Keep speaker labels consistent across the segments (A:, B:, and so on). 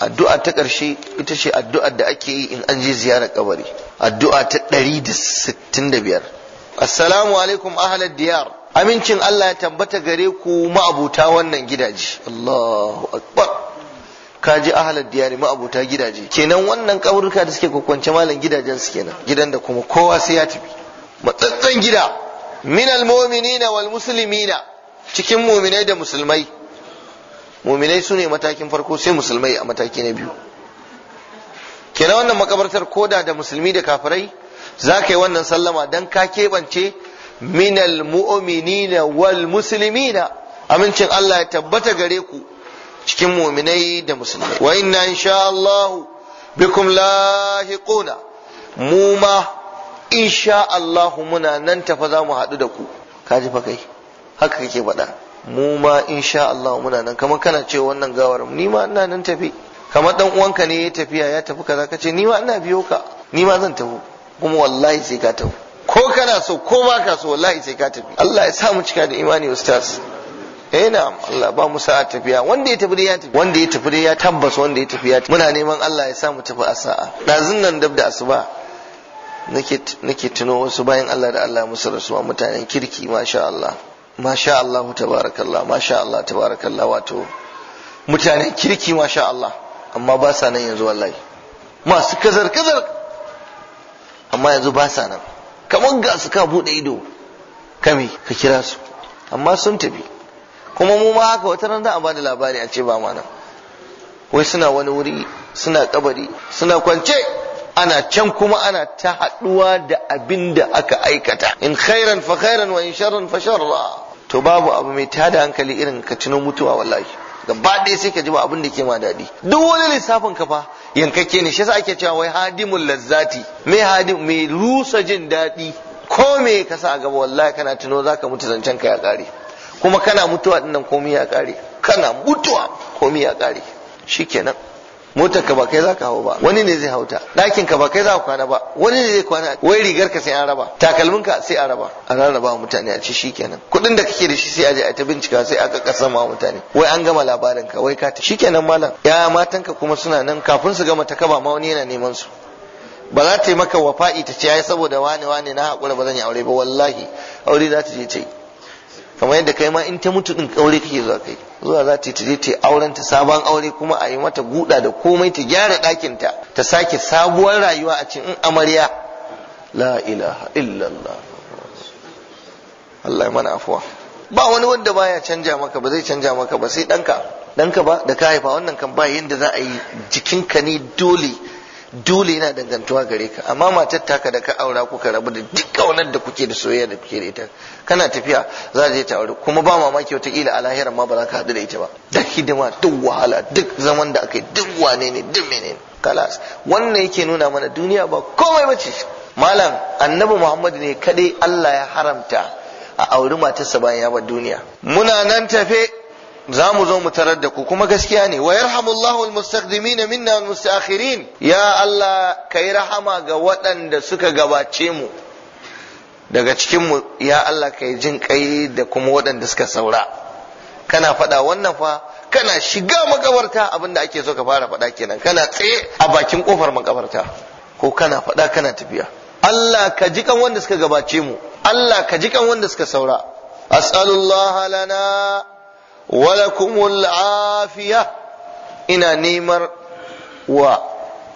A: addu'a ta ƙarshe ita ce addu'ar da ake yi in an je ziyarar kabari addu'a ta 165 assalamu alaikum Ahlal diyar amincin Allah ya tambata gare ku ma'abuta wannan gidaje Allahu akbar ka ji ahlal diyar ma'abuta gidaje kenan wannan kaburka da suke kwakwance malam gidajen su kenan gidan da kuma kowa sai ya tafi matsatsan gida min muminina wal muslimina cikin mu'minai da musulmai muminai su ne matakin farko sai musulmai a mataki na biyu kenan wannan makabartar koda da musulmi da kafirai za ka yi wannan sallama don ka keɓance minal mu'minina wal amincin Allah ya tabbata gare ku cikin muminai da musulmai wa inna insha Allah bikum lahiquna mu ma insha Allah muna nan tafa za mu haɗu da ku kaji fa kai haka kake faɗa mu ma insha Allah muna nan kamar kana ce wannan gawar ni ma ina nan tafi kamar dan uwanka ne ya tafiya ya tafi kaza ka ce ni ma ina biyo ka ni ma zan tafi kuma wallahi sai ka tafi ko kana so ko ba ka so wallahi sai ka tafi Allah ya sa mu cika da imani ustaz eh na Allah ba mu sa'a tafiya wanda ya tafi dai ya tafi wanda ya tafi dai ya tabbas wanda ya tafi ya tafi muna neman Allah ya sa mu tafi a sa'a dazun nan dab da asuba nake nake tuno wasu bayan Allah da Allah musu rasuwa mutanen kirki masha Allah masha Allah tabarakallah masha Allah tabarakallah wato mutanen kirki masha Allah amma ba sa nan yanzu wallahi masu kazar kazar amma yanzu ba sa nan kamar ga su ka bude ido kame ka kira su amma sun tafi kuma mu ma haka wata ran da a bada labari a ce ba ma nan wai suna wani wuri suna kabari suna kwance ana can kuma ana ta haɗuwa da abin da aka aikata in khairan fa khairan wa in sharran fa sharra to babu abu mai tada hankali irin ka cino mutuwa wallahi gaba ɗaya sai ka ji ba abin da ke ma daɗi duk wani lissafin ka fa yankakke ne shi yasa ake cewa wai hadimul lazzati mai hadim mai rusa jin daɗi ko me ka sa gaba wallahi kana tuno zaka mutu zancen ka ya ƙare kuma kana mutuwa dinnan komai ya ƙare kana mutuwa komai ya ƙare shikenan motar ka ba kai za ka hau ba wani ne zai hauta ɗakin ka ba kai za ka kwana ba wani ne zai kwana wai rigar ka sai an raba takalmin ka sai a raba a rarraba mutane a ci shikenan kuɗin da kake da shi sai a je a ta bincika sai aka kasama mutane wai an gama labarin ka wai ka ta shikenan malam ya matan ka kuma suna nan kafin su gama ta kaba ma wani yana neman su ba za ta yi maka wafa'i ta ce ya? saboda wani wani na haƙura ba zan yi aure ba wallahi aure za ta je ta yi kamar yadda kai ma in ta mutu din kaure kake zuwa kai zuwa za ta je ta auren ta sabon aure kuma a yi mata guda da komai ta gyara ɗakin ta ta sake sabuwar rayuwa a cikin amarya la ilaha illallah Allah ya mana afuwa ba wani wanda baya canja maka ba zai canja maka ba sai ɗanka ɗanka ba da ka haifa wannan kan ba yadda za a yi jikinka ne dole dole yana dangantuwa gare ka amma matar taka da ka aura kuka rabu da duk kaunar da kuke da soyayya da kuke da ita kana tafiya za ta je ta aure kuma ba mamaki wata kila a lahirar ma ba za ka haɗu da ita ba duk hidima duk wahala duk zaman da aka yi duk wane ne duk menene kalas wannan yake nuna mana duniya ba komai ba ce malam annabi muhammad ne kadai allah ya haramta a auri matarsa bayan ya bar duniya muna nan tafe za mu zo mu tarar da ku kuma gaskiya ne wa yarhamullahu almustaqdimina minna almustaakhirin ya Allah kai rahama ga waɗanda suka gabace mu daga cikin mu ya Allah kai jin kai da kuma waɗanda suka saura kana faɗa wannan fa kana shiga makabarta abinda ake so ka fara faɗa kenan kana tsaye a bakin kofar makabarta ko kana faɗa kana tafiya Allah ka ji kan wanda suka gabace mu Allah ka ji kan wanda suka saura as'alullah lana walakumul afiya ina neman wa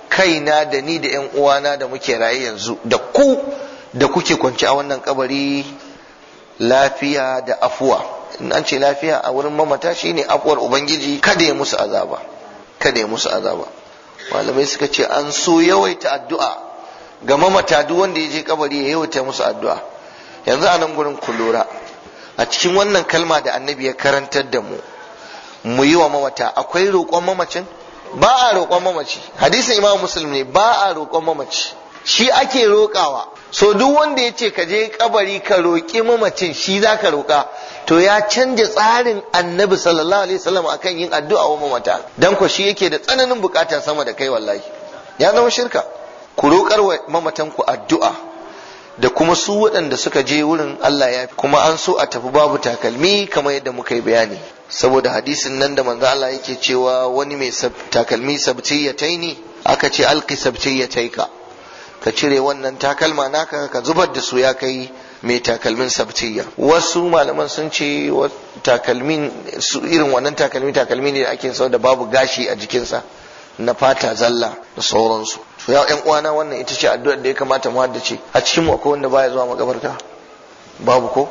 A: kaina da ni da yan uwana da muke raye yanzu da ku da kuke kwanci a wannan kabari lafiya da afuwa in an ce lafiya a wurin mamata shine afuwar ubangiji kada ya musu azaba kada ya musu azaba malamai suka ce an so yawaita addu'a ga mamata duk wanda ya je kabari ya yawaita musu addu'a yanzu anan gurin kulora. a cikin wannan kalma da annabi ya karantar da mu mu yi wa mawata akwai roƙon mamacin ba a roƙon mamaci hadisin imam muslim ne ba a roƙon mamaci shi ake roƙawa so duk wanda ya ce ka je kabari ka roƙi mamacin shi za ka roƙa to ya canja tsarin annabi sallallahu alaihi wasallam akan yin addu'a wa mamata dan ko shi yake da tsananin bukata sama da kai wallahi ya zama shirka ku roƙar wa mamatan ku addu'a da kuma su waɗanda suka je wurin Allah ya fi kuma an so a tafi babu takalmi kamar yadda muka yi bayani saboda hadisin nan da manzo Allah yake cewa wani mai takalmi ya taini aka ce alqi taika ka cire wannan takalma naka ka zubar da su ya kai mai takalmin sabtiya wasu malaman sun ce takalmin su irin wannan takalmi takalmi ne da ake sau da babu gashi a jikinsa na fata zalla da sauransu so ya ɗan uwana wannan ita ce addu'ar da ya kamata mu haddace a cikin akwai wanda baya zuwa makabarta babu ko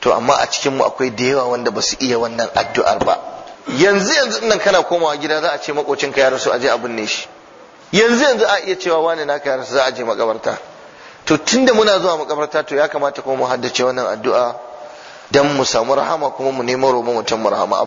A: to amma a cikin mu akwai da yawa wanda ba su iya wannan addu'ar ba yanzu yanzu nan kana komawa gida za a ce makocinka ya rasu a je abin ne shi yanzu yanzu a iya cewa wani naka ya rasu za a je makabarta to tunda muna zuwa makabarta to ya kamata kuma mu haddace wannan addu'a dan mu samu rahama kuma mu nemo romo mutum rahama